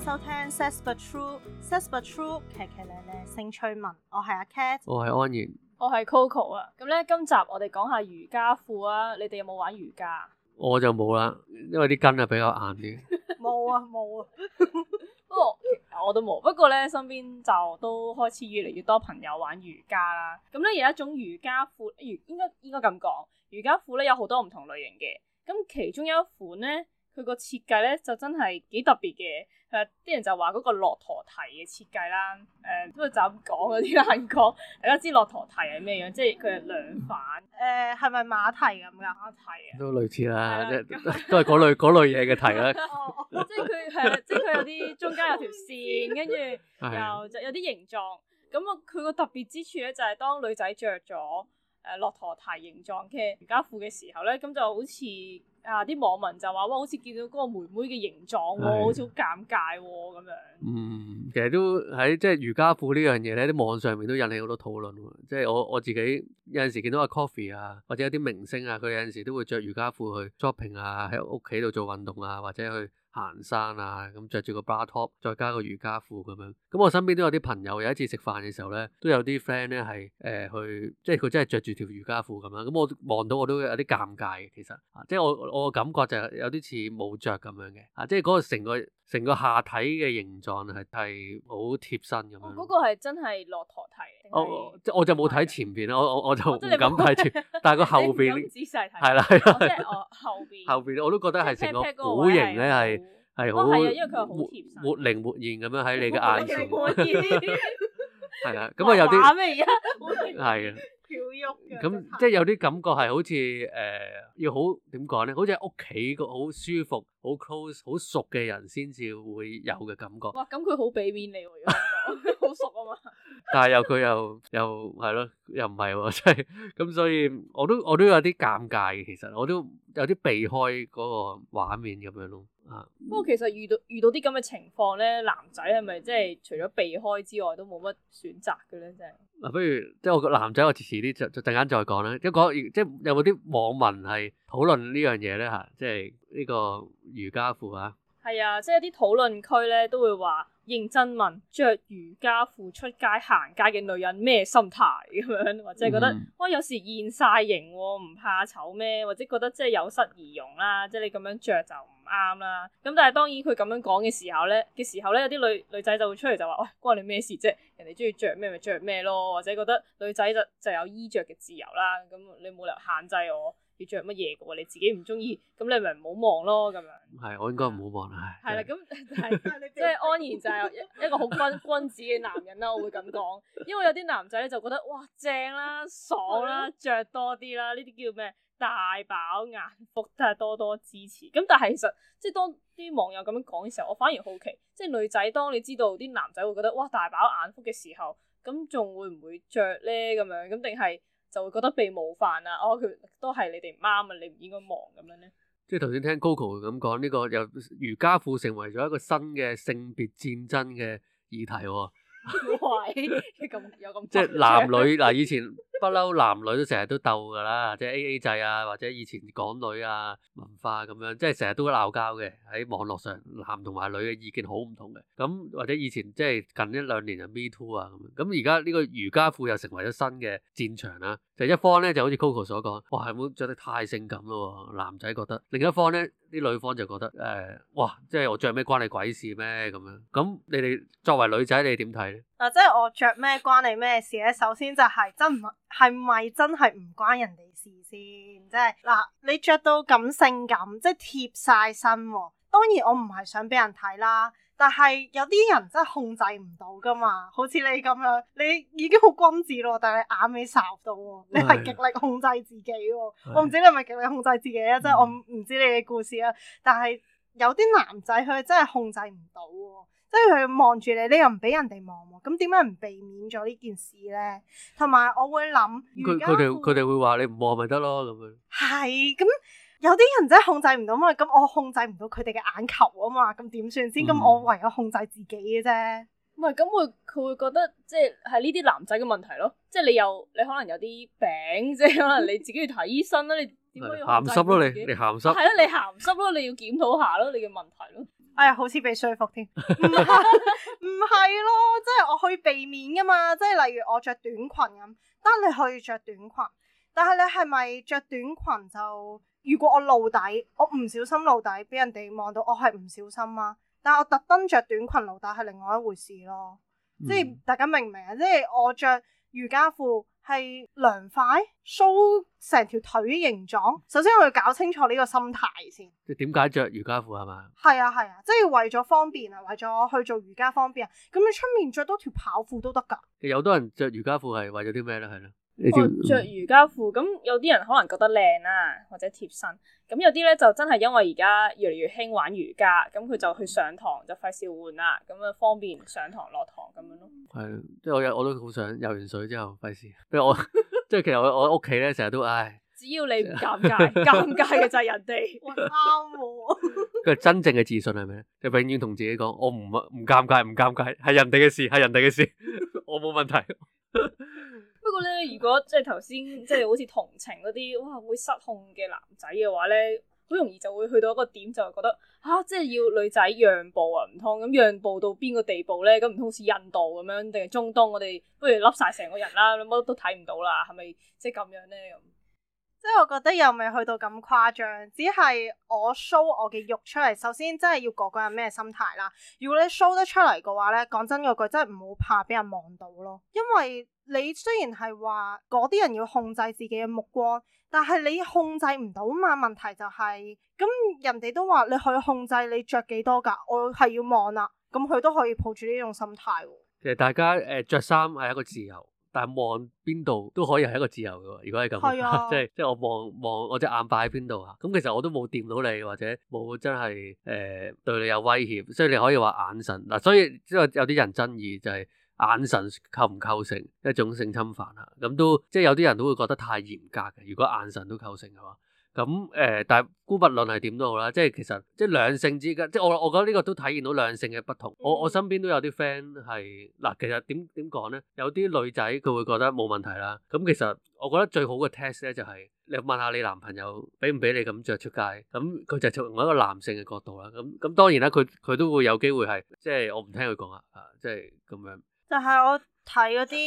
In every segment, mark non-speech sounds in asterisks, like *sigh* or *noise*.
收聽 says the truth，says the truth，奇奇靚靚性趣文，我係阿 Cat，我係安然，我係 Coco 啊。咁咧，今集我哋講下瑜伽褲啊。你哋有冇玩瑜伽？我就冇啦，因為啲筋啊比較硬啲。冇 *laughs* 啊冇啊、 *laughs* 哦，不過我都冇。不過咧，身邊就都開始越嚟越多朋友玩瑜伽啦。咁咧，有一種瑜伽褲，應該應該應該咁講，瑜伽褲咧有好多唔同類型嘅。咁其中有一款咧。佢個設計咧就真係幾特別嘅，係啲人就話嗰個駱駝蹄嘅設計啦，誒、呃，不過就咁講嗰啲啦，講，大家知駱駝蹄係咩樣，即係佢係兩反，誒係咪馬蹄咁嘅馬蹄啊？都類似啦，即都係嗰類嗰類嘢嘅蹄啦，即係佢係啊，即係佢有啲中間有條線，跟住又就有啲 *laughs* 形狀，咁啊佢個特別之處咧就係當女仔着咗。誒、啊、駱駝蹄形狀嘅瑜伽褲嘅時候咧，咁就好似啊啲網民就話，哇，好似見到嗰個妹妹嘅形狀喎、哦，的好似好尷尬喎、哦、咁樣。嗯，其實都喺即係瑜伽褲呢樣嘢咧，啲網上面都引起好多討論喎。即係我我自己有陣時見到阿 Coffee 啊，或者有啲明星啊，佢有陣時都會着瑜伽褲去 shopping 啊，喺屋企度做運動啊，或者去行山啊，咁着住個 bra top，再加個瑜伽褲咁樣。咁我身邊都有啲朋友，有一次食飯嘅時候咧，都有啲 friend 咧係誒去，即係佢真係着住條瑜伽褲咁樣。咁我望到我都有啲尷尬嘅，其實啊，即係我我嘅感覺就係有啲似冇着咁樣嘅。啊，即係嗰個成個成個下體嘅形狀係係好貼身咁樣。嗰個係真係駱駝蹄。我即係我就冇睇前邊啦，我我我就唔敢睇住。但係個後邊仔細睇係啦係啦，即係我後邊後邊我都覺得係成個鼓形咧係。係好，因為佢好活靈活現咁樣喺你嘅眼前，係啦，咁啊有啲係啊，飄郁嘅，咁即係有啲感覺係好似誒，要好點講咧，好似屋企個好舒服、好 close、好熟嘅人先至會有嘅感覺。哇，咁佢好俾面你喎，好熟啊嘛。但係又佢又又係咯，又唔係喎，即係咁，所以我都我都有啲尷尬嘅，其實我都有啲避開嗰個畫面咁樣咯。不過、啊、其實遇到遇到啲咁嘅情況咧，男仔係咪即係除咗避開之外，都冇乜選擇嘅咧？即係啊，不如即係我個男仔我遲啲就就陣間再講啦。即係講即係有冇啲網民係討論呢樣嘢咧？吓、啊，即係呢個瑜伽褲啊？係啊，即係啲討論區咧，都會話認真問着瑜伽褲出街行街嘅女人咩心態咁樣，或者覺得哇，嗯、哎，有時現晒形喎，唔怕醜咩？或者覺得即係有失儀容啦，即係你咁樣着就唔啱啦。咁但係當然佢咁樣講嘅時候咧嘅時候咧，有啲女女仔就會出嚟就話喂，哎，關你咩事啫？人哋中意着咩咪着咩咯？或者覺得女仔就就有衣着嘅自由啦。咁你冇理由限制我要着乜嘢嘅喎？你自己唔中意，咁你咪唔好望咯咁樣。係，我應該唔好望啦。係。係啦，咁即係安然就係一一個好君君子嘅男人啦， *laughs* 我會咁講。因為有啲男仔咧就覺得哇正啦、爽啦、着多啲啦，呢啲叫咩大飽眼福，都係多多支持。咁但係其實即係當啲網友咁樣講嘅時候，我反而好奇，即係女仔當你知道啲男仔會覺得哇大飽眼福嘅時候，咁仲會唔會着咧？咁樣咁定係就會覺得被冒犯啊？哦，佢都係你哋唔啱啊，你唔應該望咁樣咧。即係頭先聽 Coco 咁講，呢個瑜伽褲成為咗一個新嘅性別戰爭嘅議題喎，係咁有即男女，嗱以前。不嬲，男女都成日都鬥㗎啦，即係 A A 制啊，或者以前港女啊文化咁、啊、樣，即係成日都鬧交嘅，喺網絡上，男同埋女嘅意見好唔同嘅。咁或者以前即係近一兩年就 Me Too 啊咁樣，咁而家呢個瑜伽褲又成為咗新嘅戰場啦、啊。就是、一方咧就好似 Coco 所講，哇係冇着得太性感咯、啊，男仔覺得；另一方咧。啲女方就覺得誒、呃，哇！即係我着咩關你鬼事咩咁樣？咁你哋作為女仔，你點睇咧？嗱、啊，即係我着咩關你咩事咧？首先就係真唔係咪真係唔關人哋事先？即係嗱、啊，你着到咁性感，即係貼晒身喎、哦。當然我唔係想俾人睇啦。但係有啲人真係控制唔到噶嘛，好似你咁樣，你已經好君子咯，但係你眼尾烚到喎，你係極力控制自己喎。是的 我唔知你係咪極力控制自己咧，是的 即係我唔知你嘅故事啦。但係有啲男仔佢真係控制唔到喎，即係佢望住你，你又唔俾人哋望喎，咁點解唔避免咗呢件事咧？同埋我會諗，佢哋佢哋會話你唔望咪得咯咁樣。係咁。有啲人真係控制唔到嘛？咁我控制唔到佢哋嘅眼球啊嘛？咁點算先？咁我唯有控制自己嘅啫。唔係咁會佢會覺得即係係呢啲男仔嘅問題咯。即係你又你可能有啲病啫，可能你自己要睇醫生啦。 *laughs* 你鹹濕咯，你你鹹濕係咯，你鹹濕咯，你要檢討下咯，你嘅問題咯。哎呀，好似被説服添，唔係唔係咯，即係我可以避免噶嘛。即係例如我着短裙咁，得你可以著短裙，但係你係咪着短裙就？如果我露底，我唔小心露底俾人哋望到，我係唔小心啊！但係我特登着短裙露底係另外一回事咯，即係、嗯、大家明唔明啊？即係我着瑜伽褲係涼快，show 成條腿形狀。首先我要搞清楚呢個心態先。即係點解着瑜伽褲係嘛？係啊，係啊，即係為咗方便啊，為咗去做瑜伽方便啊。咁你出面着多條跑褲都得噶。有好多人着瑜伽褲係為咗啲咩咧？係啦。我着、哦、瑜伽褲，咁有啲人可能覺得靚啦、啊，或者貼身。咁有啲咧就真係因為而家越嚟越興玩瑜伽，咁佢就去上堂就費事換啦，咁啊方便上堂落堂咁樣咯。係，即係我日我都好想游完水之後費事。即係我即係 *laughs* 其實我我屋企咧成日都唉。哎，只要你唔尷尬， *laughs* 尷尬嘅就係人哋。啱，佢係真正嘅自信係咩？佢永遠同自己講，我唔唔尷尬，唔尷尬，係人哋嘅事，係人哋嘅事，我冇問題。 *laughs* 不過咧，如果即係頭先，即係好似同情嗰啲哇，會失控嘅男仔嘅話咧，好容易就會去到一個點，就會覺得吓、啊，即係要女仔讓步啊，唔通咁讓步到邊個地步咧？咁唔通似印度咁樣，定係中東？我哋不如笠晒成個人啦，乜都睇唔到啦，係咪即係咁樣咧？咁即係我覺得又未去到咁誇張，只係我 show 我嘅肉出嚟。首先，真係要個個有咩心態啦。如果你 show 得出嚟嘅話咧，講真嗰句，真係唔好怕俾人望到咯，因為。你雖然係話嗰啲人要控制自己嘅目光，但係你控制唔到嘛？問題就係、是、咁，人哋都話你去控制你着幾多噶，我係要望啦。咁佢都可以抱住呢種心態喎。其實大家誒著衫係一個自由，但係望邊度都可以係一個自由嘅。如果係咁，即係即係我望望我隻眼擺喺邊度啊？咁 *laughs* 其實我都冇掂到你，或者冇真係誒、呃、對你有威脅，所以你可以話眼神嗱、呃。所以即係有啲人爭議就係、是。眼神構唔構成一種性侵犯啊，咁都即係有啲人都會覺得太嚴格嘅。如果眼神都構成嘅話，咁誒、呃，但係姑勿論係點都好啦，即係其實即係兩性之間，即係我我覺得呢個都體現到兩性嘅不同。我我身邊都有啲 friend 係嗱，其實點點講咧，有啲女仔佢會覺得冇問題啦。咁其實我覺得最好嘅 test 咧就係、是、你問下你男朋友俾唔俾你咁着出街，咁佢就從一個男性嘅角度啦。咁咁當然啦，佢佢都會有機會係即係我唔聽佢講啊，即係咁樣。就係我睇嗰啲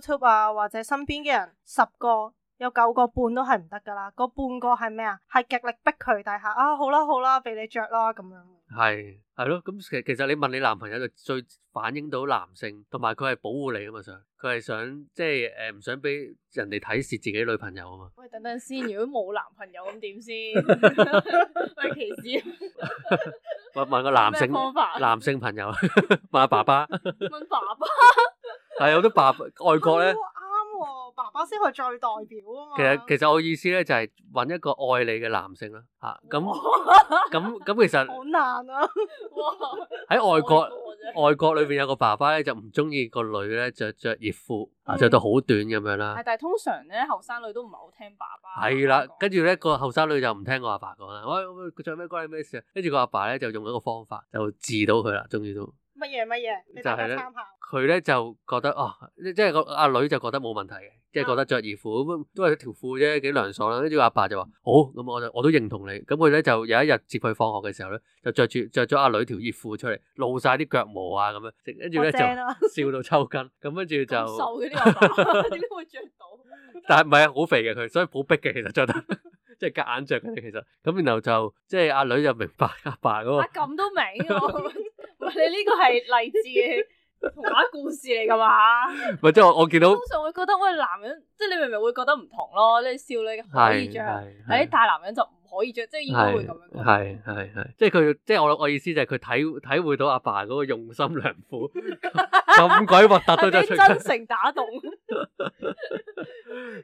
YouTube 啊，或者身邊嘅人十個，有九個半都係唔得噶啦，個半個係咩啊？係極力逼佢底下啊，好啦好啦，俾你着啦咁樣。係係咯，咁其其實你問你男朋友就最反映到男性，同埋佢係保護你啊嘛，想佢係想即係誒，唔想俾人哋睇蝕自己女朋友啊嘛。喂，等等先，如果冇男朋友咁點先？係歧視？問問個男性男性朋友，問阿爸爸。問爸爸？係有啲爸爸外國咧。我先去最代表啊嘛！其實其實我意思咧就係揾一個愛你嘅男性啦，嚇咁咁咁，其實好難啊！喺外國外國裏邊有個爸爸咧，就唔中意個女咧著著熱褲啊，著到好短咁樣啦。係，但係通常咧，後生女都唔係好聽爸爸。係啦，跟住咧個後生女就唔聽我阿爸講啦。我我著咩關你咩事啊？跟住個阿爸咧就用一個方法就治到佢啦，終於都乜嘢乜嘢，就係參考佢咧就覺得哦，即係個阿女就覺得冇問題嘅。即係覺得着熱褲咁啊，都係條褲啫，幾涼爽啦。跟住阿爸就話：好，咁我就我都認同你。咁佢咧就有一日接佢放學嘅時候咧，就着住着咗阿女條熱褲出嚟，露晒啲腳毛啊咁樣。跟住咧就笑到抽筋。咁跟住就瘦嘅啲阿爸點解會著到？但係唔係啊，好肥嘅佢，所以好逼嘅其實着得，即係夾硬着嘅其實。咁然後就即係阿女就明白阿爸啊嘛。咁都明，你呢個係勵志。嘅。童話故事嚟噶嘛？唔係，即係我我見到，通常會覺得喂，男人，即、就、係、是、你明唔明會覺得唔同咯？即、就、係、是、少女可以着，誒 *laughs* 是大男人就唔可以着、就是， *laughs* 即係應該會咁樣。係係係，即係佢，即係我我意思就係佢體體會到阿爸嗰個用心良苦，咁鬼核突都得出 *laughs* 真誠打動，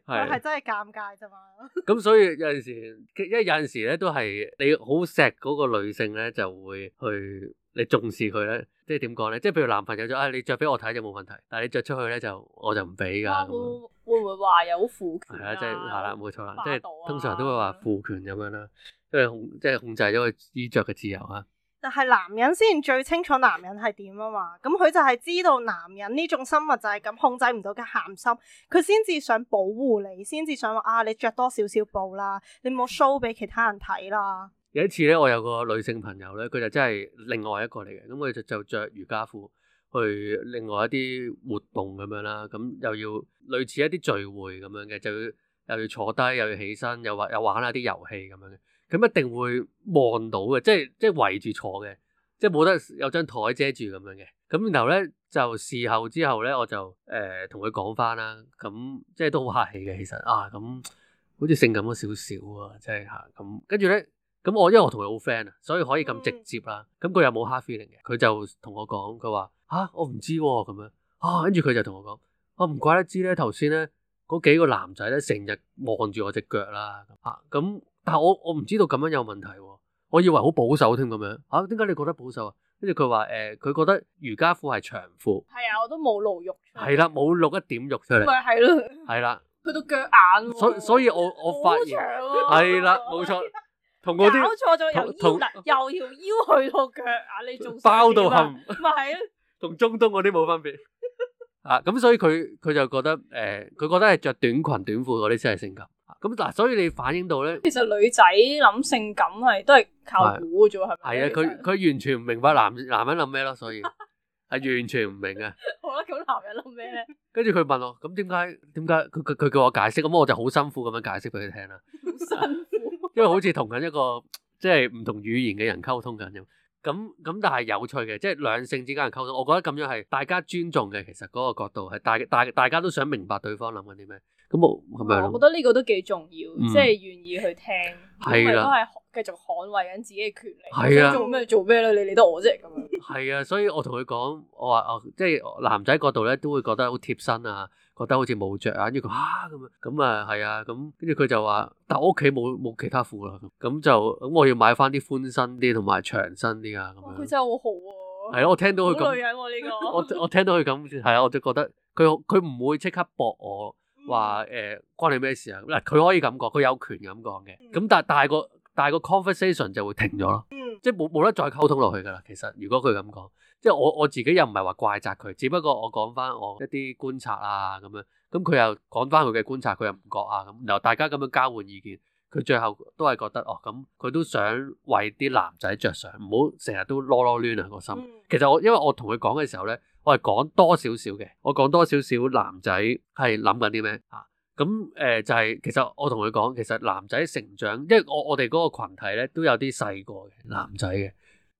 係係真係尷尬啫嘛 *laughs* 咁 *laughs* *laughs* *laughs* 所以有陣時，因為有陣時咧都係你好錫嗰個女性咧，就會去。你重視佢咧，即係點講咧？即係譬如男朋友著啊、哎，你着俾我睇就冇問題，但係你着出去咧就我就唔俾噶。會唔會話有父權啊？係啊，即係係啦，冇錯啦，啊、即係通常都會話父權咁樣啦，即係控即係控制咗佢衣着嘅自由啊。但係男人先最清楚男人係點啊嘛，咁佢就係知道男人呢種生物就係咁控制唔到嘅鹹心，佢先至想保護你，先至想話啊你着多少少布啦，你冇 show 俾其他人睇啦。有一次咧，我有個女性朋友咧，佢就真係另外一個嚟嘅。咁佢就就著瑜伽褲去另外一啲活動咁樣啦。咁又要類似一啲聚會咁樣嘅，就要又要坐低，又要起身，又玩下啲遊戲咁樣嘅。咁一定會望到嘅，即係即係圍住坐嘅，即係冇得有張枱遮住咁樣嘅。咁然後咧就事後之後咧，我就誒同佢講返啦。咁、呃、即係都好客氣嘅，其實啊，咁好似性感咗少少啊，即係吓，咁。跟住咧。咁我因為我同佢好 friend 啊，所以可以咁直接啦。咁佢又冇 hard feeling 嘅，佢就同我講，佢話吓我唔知咁樣啊。跟住佢就同我講、啊，啊唔、啊、怪得知咧，頭先咧嗰幾個男仔咧成日望住我隻腳啦啊。咁、啊、但係我我唔知道咁樣有問題、啊，我以為好保守添咁樣啊。點解、啊、你覺得保守啊？跟住佢話誒，佢、呃、覺得瑜伽褲係長褲，係啊，我都冇露肉，係啦，冇露一點肉出嚟，咪係咯，係啦，去到腳眼，都腳眼，所以所以我我發現係啦，冇錯、啊。搞錯咗，由腰，由條腰去到腳啊！你仲包到冚，咪係咯？同中東嗰啲冇分別啊！咁所以佢佢就覺得誒，佢覺得係着短裙短褲嗰啲先係性感。咁嗱，所以你反映到咧，其實女仔諗性感係都係靠估嘅啫，係咪？係啊，佢佢完全唔明白男男人諗咩咯，所以係完全唔明啊。好啦，咁男人諗咩咧？跟住佢問我，咁點解？點解？佢佢佢叫我解釋，咁我就好辛苦咁樣解釋俾佢聽啦。因為好似同緊一個即係唔同語言嘅人溝通緊咁，咁咁但係有趣嘅，即係兩性之間嘅溝通。我覺得咁樣係大家尊重嘅，其實嗰個角度係大大大家都想明白對方諗緊啲咩。咁我咁樣，我覺得呢個都幾重要，即係、嗯、願意去聽，因為都係繼續捍衞緊自己嘅權利。係啊的的，做咩做咩啦？你理得我啫咁樣。係啊， *laughs* 所以我同佢講，我話哦，即係男仔角度咧，都會覺得好貼身啊。覺得好似冇着啊，呢個啊，嚇咁樣，咁啊係啊，咁跟住佢就話，但我屋企冇冇其他褲啦，咁就咁我要買翻啲寬身啲同埋長身啲啊，咁樣。佢、哦、真係好好、啊、喎！係咯，我聽到佢咁。好女人喎、呢個、我我聽到佢咁，係啊， *laughs* 我就覺得佢佢唔會即刻駁我話誒、呃、關你咩事啊？嗱，佢可以咁講，佢有權咁講嘅。咁、嗯、但但係個但係個 conversation 就會停咗咯。嗯即係冇冇得再溝通落去噶啦，其實如果佢咁講，即係我我自己又唔係話怪責佢，只不過我講翻我一啲觀察啊咁樣，咁佢又講翻佢嘅觀察，佢又唔覺啊咁，然後大家咁樣交換意見，佢最後都係覺得哦咁，佢都想為啲男仔着想，唔好成日都囉囉攣啊個心。其實我因為我同佢講嘅時候咧，我係講多少少嘅，我講多少少男仔係諗緊啲咩啊。咁誒、呃，就係、是、其實我同佢講，其實男仔成長，因為我我哋嗰個群體咧都有啲細個嘅男仔嘅。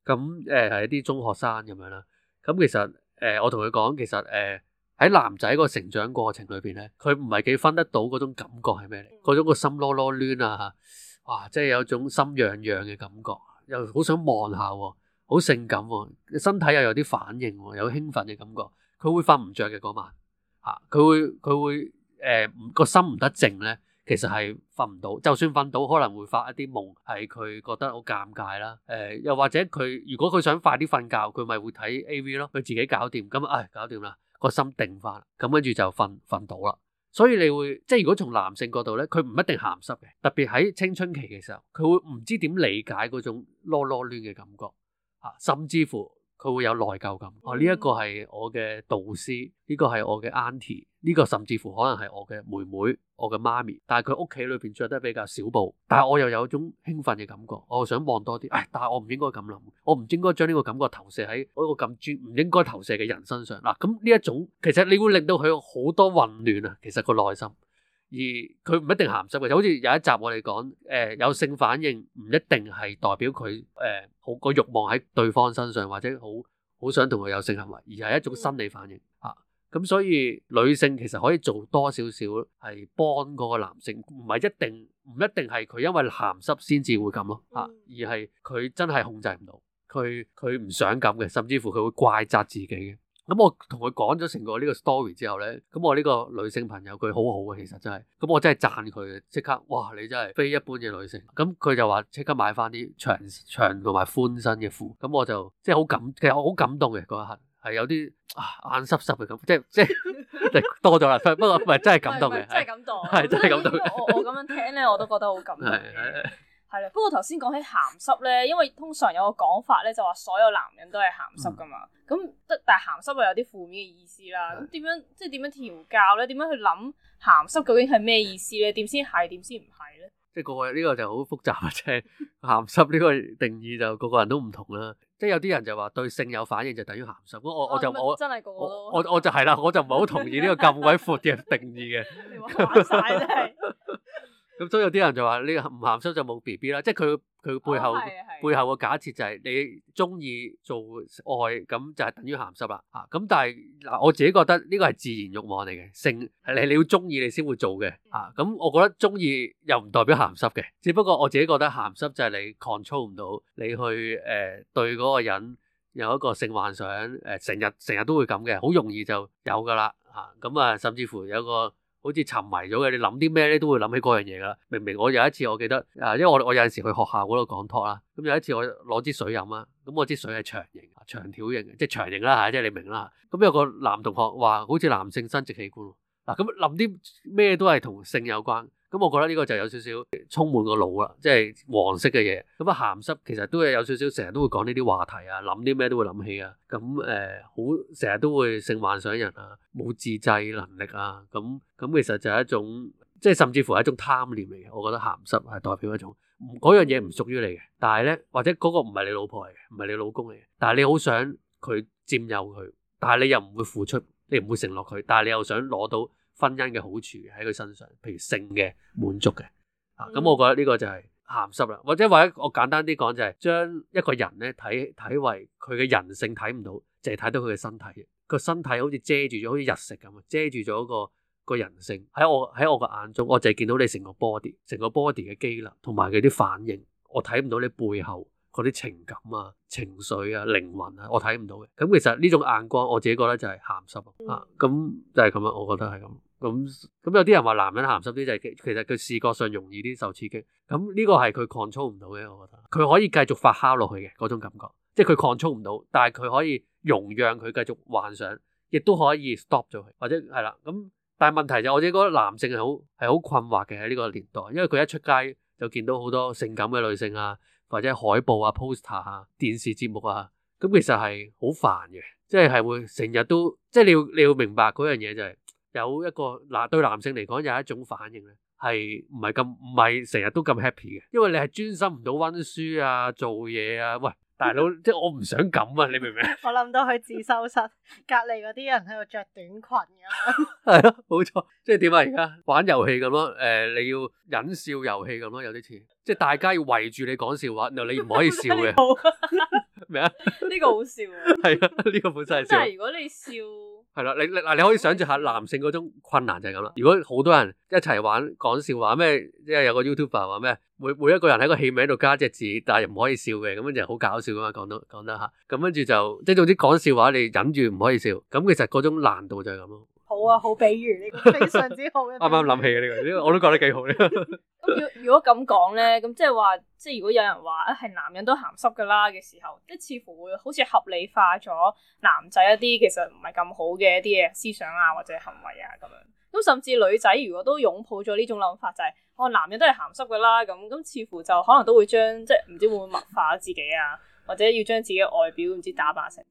咁誒係一啲中學生咁樣啦。咁其實誒，我同佢講，其實誒喺、呃呃、男仔個成長過程裏邊咧，佢唔係幾分得到嗰種感覺係咩嚟？嗰種個心囉囉攣啊，哇，即係有種心癢癢嘅感覺，又好想望下喎、啊，好性感喎、啊，身體又有啲反應、啊，有興奮嘅感覺，佢會瞓唔着嘅嗰晚吓，佢會佢會。誒唔個心唔得靜咧，其實係瞓唔到。就算瞓到，可能會發一啲夢，係佢覺得好尷尬啦。誒、呃，又或者佢如果佢想快啲瞓覺，佢咪會睇 AV 咯，佢自己搞掂。咁、嗯、啊、哎，搞掂啦，個心定翻啦，咁跟住就瞓瞓到啦。所以你會即係如果從男性角度咧，佢唔一定鹹濕嘅，特別喺青春期嘅時候，佢會唔知點理解嗰種囉囉攣嘅感覺啊，甚至乎。佢會有內疚感，哦呢一、這個係我嘅導師，呢、這個係我嘅 auntie 呢個甚至乎可能係我嘅妹妹，我嘅媽咪，但係佢屋企裏邊著得比較少布，但係我又有一種興奮嘅感覺，我、哦、想望多啲，唉、哎，但係我唔應該咁諗，我唔應該將呢個感覺投射喺嗰個咁專，唔應該投射嘅人身上，嗱、啊，咁呢一種其實你會令到佢好多混亂啊，其實個內心。而佢唔一定鹹濕嘅，就好似有一集我哋講，誒、呃、有性反應唔一定係代表佢誒、呃、好個欲望喺對方身上，或者好好想同佢有性行為，而係一種心理反應吓。咁、啊、所以女性其實可以做多少少係幫嗰個男性，唔係一定唔一定係佢因為鹹濕先至會咁咯吓，而係佢真係控制唔到，佢佢唔想咁嘅，甚至乎佢會怪責自己嘅。咁我同佢講咗成個呢個 story 之後咧，咁我呢個女性朋友佢好好啊，其實真係，咁我真係讚佢，即刻哇你真係非一般嘅女性，咁佢就話即刻買返啲長長同埋寬身嘅褲，咁我就即係好感，其實我好感動嘅嗰一刻，係有啲眼濕濕嘅咁，即係即係多咗啦，不過唔係真係感動嘅，真係感動，係 *laughs* 真係感動。我我咁樣聽咧，我都覺得好感動。係啦，不過頭先講起鹹濕咧，因為通常有個講法咧，就話所有男人都係鹹濕噶嘛。咁得，但係鹹濕又有啲負面嘅意思啦。咁點是的 樣，即係點樣調教咧？點樣去諗鹹濕究竟係咩意思咧？點先係，點先唔係咧？即係個個呢個就好複雜嘅啫。鹹濕呢個定義就個個人都唔同啦。即係有啲人就話對性有反應就等於鹹濕。我、啊、我就、啊、真係個個都我我我就係啦，我就唔係好同意呢個咁鬼闊嘅定義嘅。 *laughs* 晒 *laughs* 咁所以有啲人就話：你唔鹹濕就冇 B B 啦，即係佢佢背後、啊、背後個假設就係你中意做愛，咁就係等於鹹濕啦。嚇、啊！咁但係嗱，我自己覺得呢個係自然慾望嚟嘅，性係你你要中意你先會做嘅。嚇、啊！咁、嗯啊嗯、我覺得中意又唔代表鹹濕嘅，只不過我自己覺得鹹濕就係你 control 唔到你去誒、呃、對嗰個人有一個性幻想，誒、呃、成日成日都會咁嘅，好容易就有㗎啦。嚇、啊！咁啊，甚至乎有個。好似沉迷咗嘅，你諗啲咩咧都會諗起嗰樣嘢噶啦。明明我有一次我記得，啊，因為我我有陣時去學校嗰度講托 a 啦，咁、嗯、有一次我攞支水飲啊，咁、嗯、我支水係長形、長條形即係長形啦嚇、嗯，即係你明啦。咁、嗯、有個男同學話好似男性生殖器官喎，嗱咁飲啲咩都係同性有關。咁、嗯、我覺得呢個就有少少充滿個腦啦，即係黃色嘅嘢。咁啊鹹濕其實都係有少少，成日都會講呢啲話題啊，諗啲咩都會諗起啊。咁、嗯、誒，好成日都會性幻想人啊，冇自制能力啊。咁、嗯、咁、嗯、其實就係一種，即係甚至乎係一種貪念嚟嘅。我覺得鹹濕係代表一種嗰樣嘢唔屬於你嘅，但係咧或者嗰個唔係你老婆嚟嘅，唔係你老公嚟嘅，但係你好想佢佔有佢，但係你又唔會付出，你唔會承諾佢，但係你又想攞到。婚姻嘅好處喺佢身上，譬如性嘅滿足嘅，嗯、啊咁，我覺得呢個就係鹹濕啦，或者或者我簡單啲講就係將一個人咧睇睇為佢嘅人性睇唔到，淨係睇到佢嘅身體，個身體好似遮住咗，好似日食咁啊，遮住咗個個人性喺我喺我嘅眼中，我淨係見到你成個 body，成個 body 嘅機能，同埋佢啲反應，我睇唔到你背後嗰啲情感啊、情緒啊、靈魂啊，我睇唔到嘅。咁其實呢種眼光，我自己覺得就係鹹濕啊，咁就係咁樣，我覺得係咁。咁咁、嗯、有啲人話男人鹹濕啲，就係其實佢視覺上容易啲受刺激。咁、嗯、呢、這個係佢 control 唔到嘅，我覺得佢可以繼續發酵落去嘅嗰種感覺，即係佢 control 唔到，但係佢可以容讓佢繼續幻想，亦都可以 stop 咗佢，或者係啦。咁、嗯、但係問題就係、我自己覺得男性係好係好困惑嘅喺呢個年代，因為佢一出街就見到好多性感嘅女性啊，或者海報啊、poster 啊、電視節目啊，咁、嗯嗯、其實係好煩嘅，即係係會成日都即係、就是、你要你要明白嗰樣嘢就係、是。有一個，嗱，對男性嚟講有一種反應咧，係唔係咁？唔係成日都咁 happy 嘅，因為你係專心唔到温書啊、做嘢啊。喂，大佬， *laughs* 即係我唔想咁啊，你明唔明？我諗到去自修室隔離嗰啲人喺度着短裙㗎。係咯，冇錯。即係點啊？而家玩遊戲咁咯，誒、呃、你要忍笑遊戲咁咯，有啲似。即係大家要圍住你講笑話，然後你唔可以笑嘅，咩 *laughs* 啊 *laughs* 麼？呢 *laughs* 個好笑。係啊，呢個本身係。但 *laughs* 係如果你笑。係啦，你你嗱，你可以想像下男性嗰種困難就係咁啦。如果好多人一齊玩講笑話，咩即係有個 YouTuber 話咩，每每一個人喺個戲名度加一隻字，但係又唔可以笑嘅，咁樣就好搞笑噶嘛。講得講得吓，咁跟住就即係總之講笑話，你忍住唔可以笑。咁其實嗰種難度就係咁咯。好啊，好比喻，呢個非常之好嘅、啊。啱啱諗起嘅，呢個，呢個我都覺得幾好。咁如果咁講咧，咁即係話，即係如果有人話係、啊、男人都鹹濕噶啦嘅時候，即係似乎會好似合理化咗男仔一啲其實唔係咁好嘅一啲嘢思想啊，或者行為啊咁樣。咁甚至女仔如果都擁抱咗呢種諗法，就係我男人都係鹹濕噶啦，咁咁似乎就可能都會將即係唔知會唔會物化自己啊，或者要將自己外表唔知打扮成。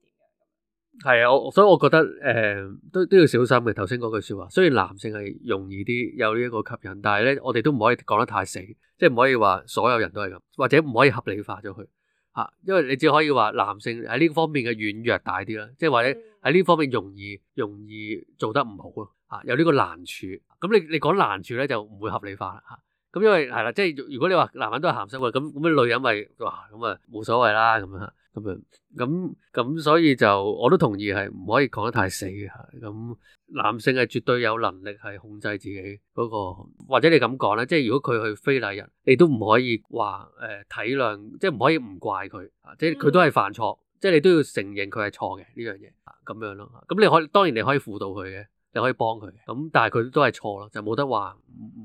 係啊，我所以我覺得誒、呃、都都要小心嘅。頭先嗰句説話，雖然男性係容易啲有呢一個吸引，但係咧我哋都唔可以講得太死，即係唔可以話所有人都係咁，或者唔可以合理化咗佢吓。因為你只可以話男性喺呢方面嘅軟弱大啲啦，即係或者喺呢方面容易容易做得唔好咯吓、啊，有呢個難處。咁你你講難處咧就唔會合理化啦吓。咁、啊、因為係啦，即係如果你話男人都係鹹濕嘅，咁咁女人咪、就是、哇咁啊冇所謂啦咁樣。咁樣，咁咁、嗯、所以就我都同意係唔可以講得太死嘅。咁、嗯、男性係絕對有能力係控制自己嗰個，或者你咁講咧，即係如果佢去非禮人，你都唔可以話誒、呃、體諒，即係唔可以唔怪佢，即係佢都係犯錯，即係你都要承認佢係錯嘅呢樣嘢啊咁樣咯。咁、嗯、你可以當然你可以輔導佢嘅。你可以幫佢，咁但係佢都係錯咯，就冇得話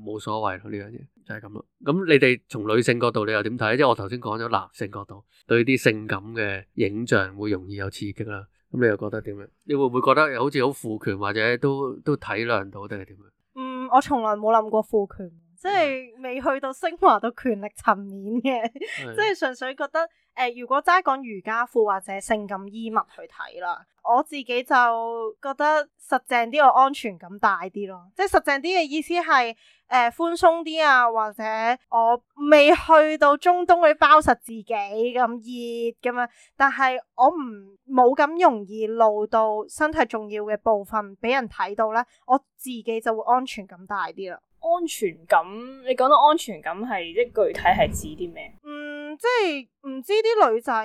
冇所謂咯，呢樣嘢就係咁咯。咁你哋從女性角度你又點睇？即係我頭先講咗男性角度對啲性感嘅影像會容易有刺激啦。咁你又覺得點樣？你會唔會覺得好似好負權或者都都體諒到定係點樣？嗯，我從來冇諗過負權。即係未去到升華到權力層面嘅，是的 *laughs* 即係純粹覺得，誒、呃，如果齋講瑜伽褲或者性感衣物去睇啦，我自己就覺得實淨啲，我安全感大啲咯。即係實淨啲嘅意思係，誒、呃，寬鬆啲啊，或者我未去到中東去包實自己咁熱咁啊，但係我唔冇咁容易露到身體重要嘅部分俾人睇到咧，我自己就會安全感大啲啦。安全感，你講到安全感係，即具體係指啲咩？嗯，即係唔知啲女仔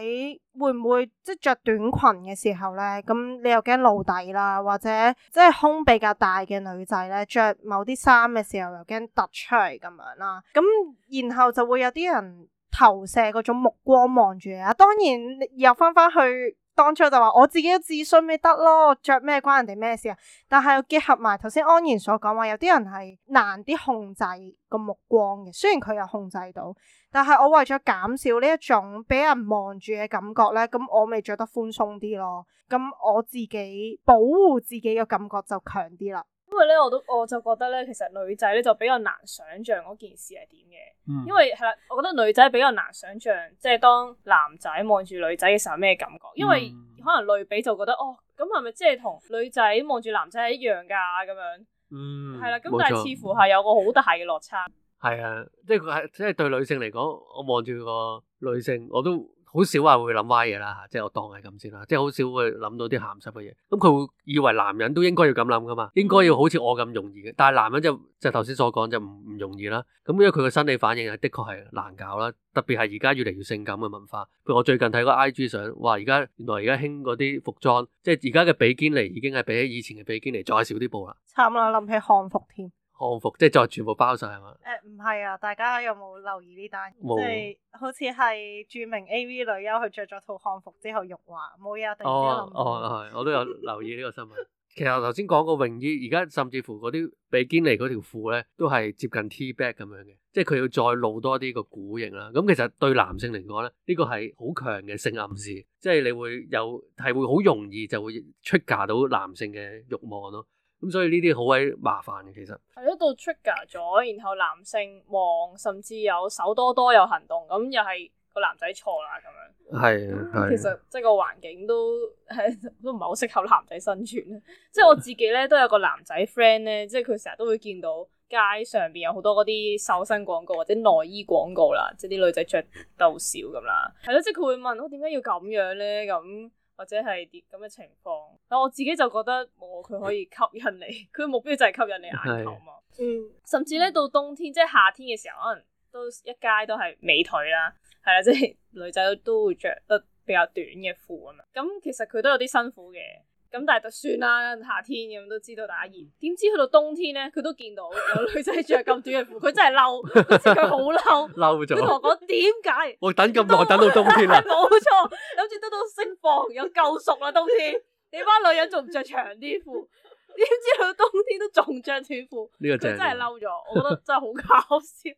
會唔會即係着短裙嘅時候咧，咁你又驚露底啦，或者即係胸比較大嘅女仔咧，着某啲衫嘅時候又驚突出嚟咁樣啦，咁然後就會有啲人投射嗰種目光望住你。當然又翻翻去。當初就話我自己嘅自信咪得咯，着咩關人哋咩事啊？但係結合埋頭先安然所講話，有啲人係難啲控制個目光嘅，雖然佢有控制到，但係我為咗減少呢一種俾人望住嘅感覺咧，咁我咪着得寬鬆啲咯。咁我自己保護自己嘅感覺就強啲啦。因為咧，我都我就覺得咧，其實女仔咧就比較難想象嗰件事係點嘅。嗯、因為係啦，我覺得女仔比較難想象，即係當男仔望住女仔嘅時候咩感覺。因為可能類比就覺得哦，咁係咪即係同女仔望住男仔係一樣噶咁樣？嗯，係啦。咁但係錯似乎係有個好大嘅落差。係啊，即係佢係即係對女性嚟講，我望住個女性，我都。好少話會諗歪嘢啦嚇，即係我當係咁先啦，即係好少會諗到啲鹹濕嘅嘢。咁佢會以為男人都應該要咁諗噶嘛，應該要好似我咁容易嘅。但係男人就就頭先所講就唔唔容易啦。咁因為佢嘅生理反應係的確係難搞啦，特別係而家越嚟越性感嘅文化。譬如我最近睇個 I G 相，哇！而家原來而家興嗰啲服裝，即係而家嘅比堅尼已經係比起以前嘅比堅尼再少啲步啦。慘啦，諗起漢服添。漢服即係再全部包晒係嘛？誒唔係啊，大家有冇留意呢單？即係有好似係著名 AV 女優，佢着咗套漢服之後，辱華冇嘢啊！突然哦哦，哦，我都有留意呢個新聞。 *laughs* 其實頭先講個泳衣，而家甚至乎嗰啲比堅尼嗰條褲咧，都係接近 T-back 咁樣嘅，即係佢要再露多啲個股型啦。咁其實對男性嚟講咧，呢、這個係好強嘅性暗示，即係你會有係會好容易就會 trigger 到男性嘅慾望咯。咁所以呢啲好鬼麻煩嘅，其實係咯，到 trigger 咗，然後男性望，甚至有手多多有行動，咁又係個男仔錯啦，咁樣係，其實即係個環境都都唔係好適合男仔生、生存。即係我自己咧都有個男仔 friend 咧，即係佢成日都會見到街上邊有好多嗰啲瘦身廣告或者內衣廣告啦，即係啲女仔著到好少咁啦，係咯， *laughs* 即係佢會問我點解要咁樣咧咁。或者係啲咁嘅情況，但我自己就覺得冇佢可以吸引你，佢目標就係吸引你眼球嘛。嗯，甚至咧到冬天即係夏天嘅時候，可能都一街都係美腿啦，係啦，即係女仔都都會著得比較短嘅褲吖嘛。咁其實佢都有啲辛苦嘅。咁但係就算啦，夏天咁都知道大家熱，點知去到冬天咧，佢都見到有女仔着咁短嘅褲，佢真係嬲，佢好嬲，嬲咗了。佢同我講點解？我等咁耐都等到冬天啦，冇錯，哎，諗住得到釋放，有夠熟啦，冬天你班女人仲唔着長啲褲？點知去到冬天都仲着短褲，佢真係嬲咗，我覺得真係好搞笑。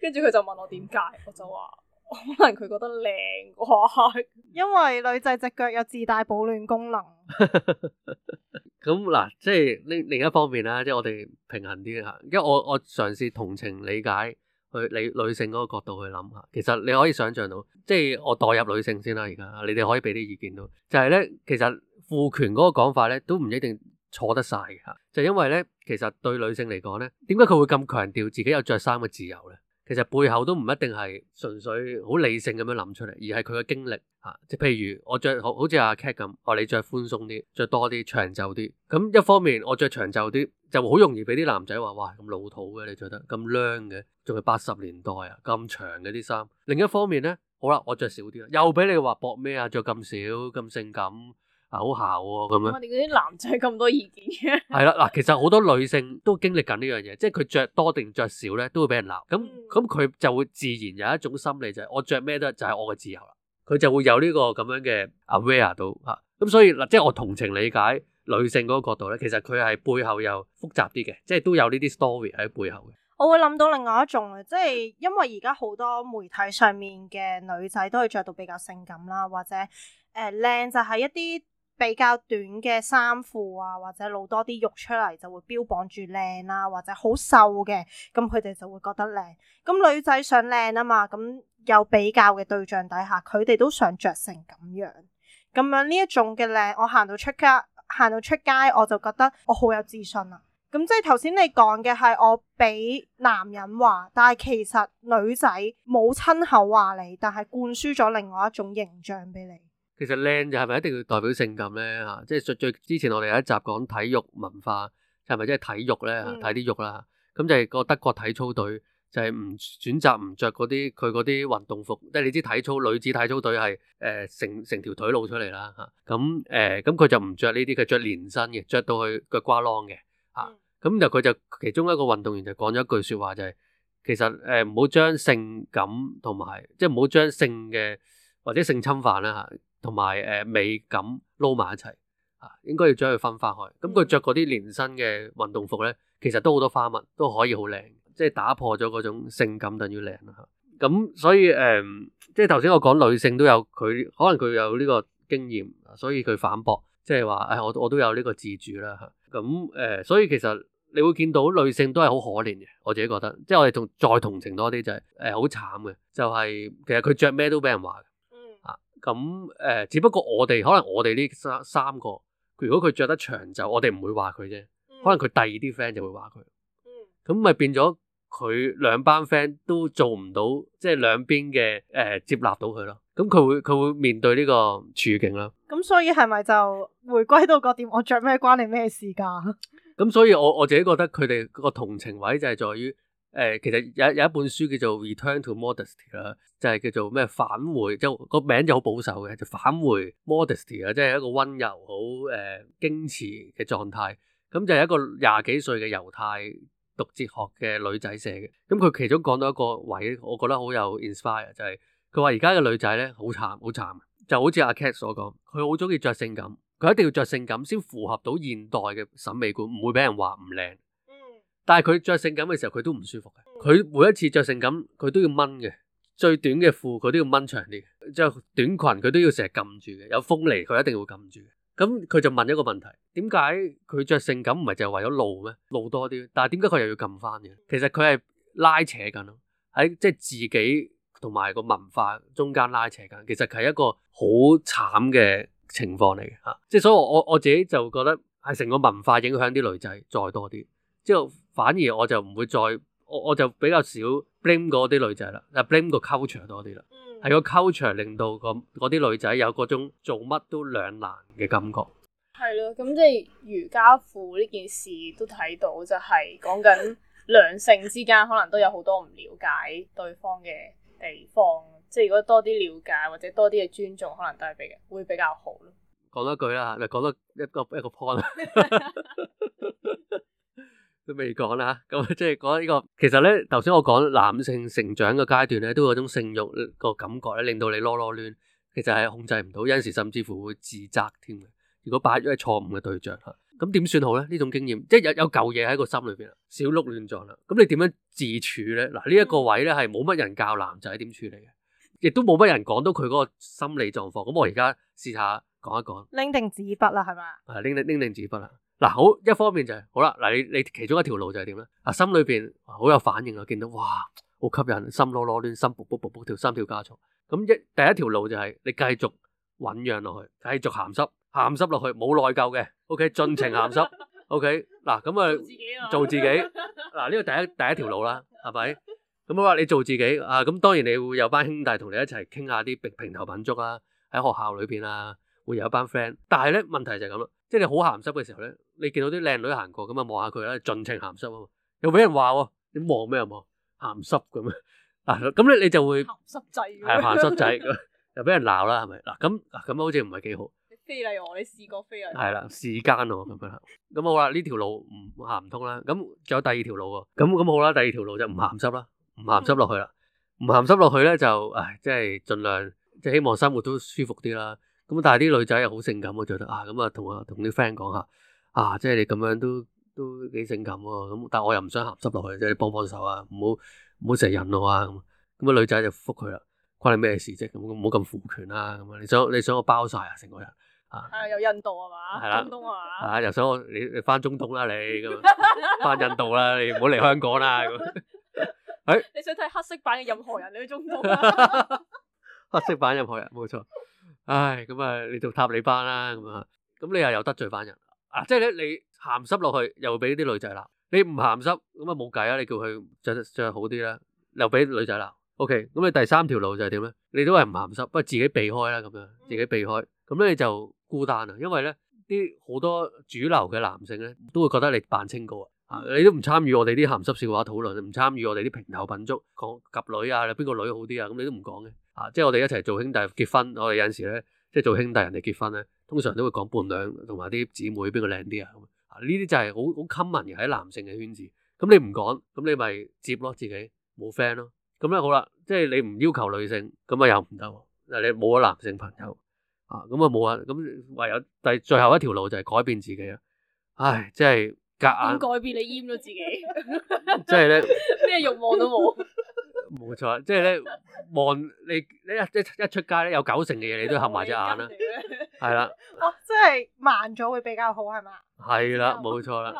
跟住佢就問我點解，我就話。可能佢覺得靚啩，因為女仔隻腳有自帶保暖功能。咁嗱， *laughs* 即係另另一方面啦，即係我哋平衡啲吓，因為我我嘗試同情理解去你女性嗰個角度去諗下。其實你可以想象到，即係我代入女性先啦，啊。而家你哋可以俾啲意見都，就係、是、咧，其實賦權嗰個講法咧，都唔一定錯得晒嘅吓。就是、因為咧，其實對女性嚟講咧，點解佢會咁強調自己有着衫嘅自由咧？其實背後都唔一定係純粹好理性咁樣諗出嚟，而係佢嘅經歷嚇。即、啊、譬如我着好好似阿 Cat 咁，我、啊、你着寬鬆啲，着多啲長袖啲。咁一方面我着長袖啲，就好容易俾啲男仔話：「哇，咁老土嘅你着得咁娘嘅，仲係八十年代啊，咁長嘅啲衫。另一方面咧，好啦，我着少啲，又俾你話搏咩啊？着咁少咁性感。好姣咁樣，我哋嗰啲男仔咁多意見嘅，係啦嗱，其實好多女性都經歷緊 *laughs* 呢樣嘢，即係佢着多定着少咧，都會俾人鬧。咁咁佢就會自然有一種心理就係我着咩都就係我嘅自由啦。佢就會有呢個咁樣嘅 aware 度嚇。咁、啊、所以嗱，即係我同情理解女性嗰個角度咧，其實佢係背後又複雜啲嘅，即係都有呢啲 story 喺背後嘅。我會諗到另外一種啊，即、就、係、是、因為而家好多媒體上面嘅女仔都係着到比較性感啦，或者誒靚，呃、就係一啲。比較短嘅衫褲啊，或者露多啲肉出嚟就會標榜住靚啦，或者好瘦嘅，咁佢哋就會覺得靚。咁女仔想靚啊嘛，咁有比較嘅對象底下，佢哋都想着成咁樣。咁樣呢一種嘅靚，我行到出街，行到出街我就覺得我好有自信啊。咁即係頭先你講嘅係我俾男人話，但係其實女仔冇親口話你，但係灌輸咗另外一種形象俾你。其實靚就係咪一定要代表性感咧？嚇、啊，即係最最之前我哋有一集講體育文化，就係咪即係體育咧？睇、啊、啲肉啦、啊，咁、啊嗯嗯、就係個德國體操隊就係唔選擇唔着嗰啲佢嗰啲運動服，即係你知體操女子體操隊係誒、呃、成成條腿露出嚟啦嚇，咁誒咁佢就唔着呢啲，佢着連身嘅，着到去腳瓜啷嘅嚇，咁然後佢就其中一個運動員就講咗一句説話就係、是、其實誒唔好將性感同埋即係唔好將性嘅或者性侵犯啦嚇。啊啊同埋誒美感撈埋一齊啊，應該要將佢分翻開。咁佢着嗰啲連身嘅運動服咧，其實都好多花紋，都可以好靚，即係打破咗嗰種性感等於靚啦。咁所以誒，即係頭先我講女性都有佢，可能佢有呢個經驗，所以佢反駁，即係話誒我我都有呢個自主啦。咁誒、嗯，所以其實你會見到女性都係好可憐嘅，我自己覺得，即係我哋仲再同情多啲就係誒好慘嘅，就係、是、其實佢着咩都俾人話。咁誒、呃，只不過我哋可能我哋呢三三個，如果佢着得長袖，我哋唔會話佢啫。可能佢第二啲 friend 就會話佢，咁咪變咗佢兩班 friend 都做唔到，即係兩邊嘅誒、呃、接納到佢咯。咁佢會佢會面對呢個處境啦。咁所以係咪就回歸到個點？我着咩關你咩事㗎？咁 *laughs* 所以我我自己覺得佢哋個同情位就係在於。誒，其實有有一本書叫做《Return to Modesty》啦，就係叫做咩？返回即係個、就是、名就好保守嘅，就是、返回 Modesty 啊，即係一個溫柔好誒、呃、矜持嘅狀態。咁、嗯、就係、是、一個廿幾歲嘅猶太讀哲學嘅女仔寫嘅。咁、嗯、佢其中講到一個位，我覺得好有 inspire，就係佢話而家嘅女仔咧好慘好慘，就好似阿 Cat 所講，佢好中意着性感，佢一定要着性感先符合到現代嘅審美觀，唔會俾人話唔靚。但係佢着性感嘅時候，佢都唔舒服嘅。佢每一次着性感，佢都要掹嘅。最短嘅褲佢都要掹長啲嘅。即係短裙佢都要成日撳住嘅。有風嚟佢一定要撳住嘅。咁佢就問一個問題：點解佢着性感唔係就係為咗露咩？露多啲。但係點解佢又要撳翻嘅？其實佢係拉扯緊咯，喺即係自己同埋個文化中間拉扯緊。其實佢係一個好慘嘅情況嚟嘅嚇。即係所以我我自己就覺得係成個文化影響啲女仔再多啲。之後。反而我就唔會再，我我就比較少 blame 嗰啲女仔啦，就 blame 個 culture 多啲啦，係、嗯、個 culture 令到個嗰啲女仔有嗰種做乜都兩難嘅感覺。係咯，咁即係瑜伽褲呢件事都睇到、就係，就係講緊兩性之間可能都有好多唔了解對方嘅地方， *laughs* 即係如果多啲了解或者多啲嘅尊重，可能都係比會比較好咯。講多句啦，你講多一個一個，一個 point。 *laughs* *laughs* 都未講啦，咁即係講呢個其實咧，頭先我講男性成長嘅階段咧，都有種性慾個感覺咧，令到你囉囉攣，其實係控制唔到，有陣時甚至乎會自責添。如果擺咗係錯誤嘅對象，咁點算好咧？呢種經驗即係有有舊嘢喺個心裏邊，小鹿亂撞啦。咁你點樣自處咧？嗱，呢一個位咧，係冇乜人教男仔點處理嘅，亦都冇乜人講到佢嗰個心理狀況。咁我而家試下講一講，拎定紙筆啦，係咪啊？拎定拎定紙筆啊！嗱、啊、好，一方面就係、是、好啦，嗱你你其中一條路就係點咧？嗱、啊，心裏邊好有反應啊，見到哇，好吸引，心囉囉攣，心噗噗噗噗跳，心跳加速。咁一第一條路就係、是、你繼續醞釀落去，繼續鹹濕，鹹濕落去，冇內疚嘅，O K，盡情鹹濕，O K，嗱咁啊做自己，嗱呢個第一第一條路啦，係咪？咁啊，你做自己啊，咁當然你會有班兄弟同你一齊傾下啲評頭品足啊，喺學校裏邊啊，會有一班 friend。但係咧問題就係咁啦，即係你好鹹濕嘅時候咧。你見到啲靚女行過咁啊，望下佢啦，盡情鹹濕啊，啊！又俾人話喎，你望咩啊望鹹濕咁啊？咁咧你就會鹹濕仔。係鹹濕仔，又俾人鬧啦，係咪？嗱咁咁好似唔係幾好。你非禮我，你試過非禮？係啦，時間喎咁樣，咁好啦，呢條路唔行唔通啦。咁仲有第二條路喎，咁咁好啦，第二條路就唔鹹濕啦，唔鹹濕落去啦，唔鹹濕落去咧就唉，即係盡量即係希望生活都舒服啲啦。咁但係啲女仔又好性感，我覺得啊，咁啊同我同啲 friend 講下。啊，即係你咁樣都都幾性感喎，咁但係我又唔想鹹濕落去，即係你幫幫手啊，唔好唔好成日引我啊，咁啊女仔就覆佢啦，關你咩事啫，咁唔好咁父權啦，咁啊你想你想我包晒啊成個人，啊，又印度啊嘛，中東啊，啊又想我你你翻中東啦你，翻印度啦，你唔好嚟香港啦，咁， *laughs* *laughs* 你想睇黑色版嘅任何人你去中東，啊， *laughs* *laughs* 黑色版任何人冇錯，唉咁啊你做塔利班啦，咁啊，咁你又得你又得罪返人。嗱、啊，即係咧，你鹹濕落去又俾啲女仔鬧，你唔鹹濕咁啊冇計啊，你叫佢着着好啲啦，又俾女仔鬧。OK，咁你第三條路就係點咧？你都係唔鹹濕，不過自己避開啦，咁樣自己避開，咁咧你就孤單啊。因為咧，啲好多主流嘅男性咧，都會覺得你扮清高啊，你都唔參與我哋啲鹹濕笑話討論，你唔參與我哋啲平頭品足講及女啊，你邊個女好啲啊，咁、嗯、你都唔講嘅。啊，即係我哋一齊做兄弟結婚，我哋有陣時咧，即係做兄弟人哋結婚咧。通常都會講伴娘同埋啲姊妹邊個靚啲啊？咁啊呢啲就係好好 common 嘅喺男性嘅圈子。咁你唔講，咁你咪接咯，自己冇 friend 咯。咁咧、啊、好啦，即係你唔要求女性，咁啊又唔得。嗱，你冇咗男性朋友啊，咁啊冇啊。咁唯有第最後一條路就係改變自己啊！唉，即係夾硬改變你閹咗自己，即係咧咩欲望都冇。 *laughs* 冇錯，即係咧望你，你一一出街咧，有九成嘅嘢你都合埋隻眼啦，係啦。哦，即係慢咗會比較好係咪？係啦，冇錯啦。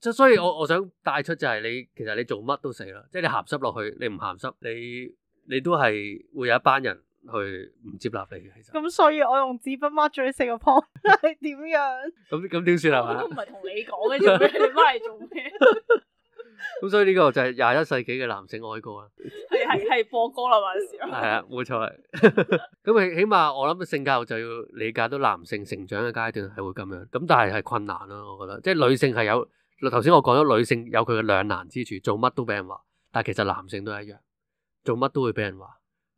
所所以，我我想帶出就係你，其實你做乜都死啦，即係你鹹濕落去，你唔鹹濕，你你都係會有一班人去唔接納你嘅。咁所以，我用紙筆 mark 咗你四個 point 係點樣？咁咁點算係咪？我唔係同你講嘅，做咩？你 mark 嚟做咩？咁 *laughs* 所以呢個就係廿一世紀嘅男性哀歌啦，係係係播歌啦嘛是？時，係啊冇錯，咁啊起碼我諗性教育就要理解到男性成長嘅階段係會咁樣，咁但係係困難咯，我覺得即係、即係、女性係有頭先我講咗女性有佢嘅兩難之處，做乜都俾人話，但係其實男性都一樣，做乜都會俾人話。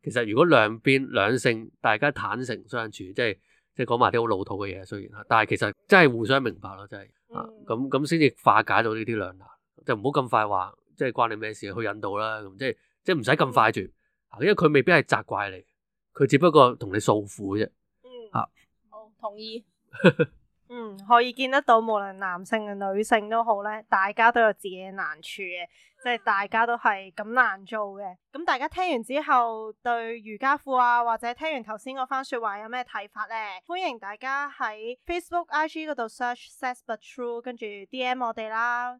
其實如果兩邊兩性大家坦誠相處，即係即係講埋啲好老土嘅嘢，雖然啦，但係其實真係互相明白咯，真係啊，咁咁先至化解到呢啲兩難。就唔好咁快話，即係關你咩事？去引導啦，咁即係即係唔使咁快住，嚇，因為佢未必係責怪你，佢只不過同你訴苦啫。嗯，啊、好同意。 *laughs* 嗯，可以見得到，無論男性啊、女性都好咧，大家都有自己嘅難處嘅，即係大家都係咁難做嘅。咁大家聽完之後，對瑜伽褲啊，或者聽完頭先嗰番説話有咩睇法咧？歡迎大家喺 Facebook、IG 嗰度 search says but true，跟住 DM 我哋啦。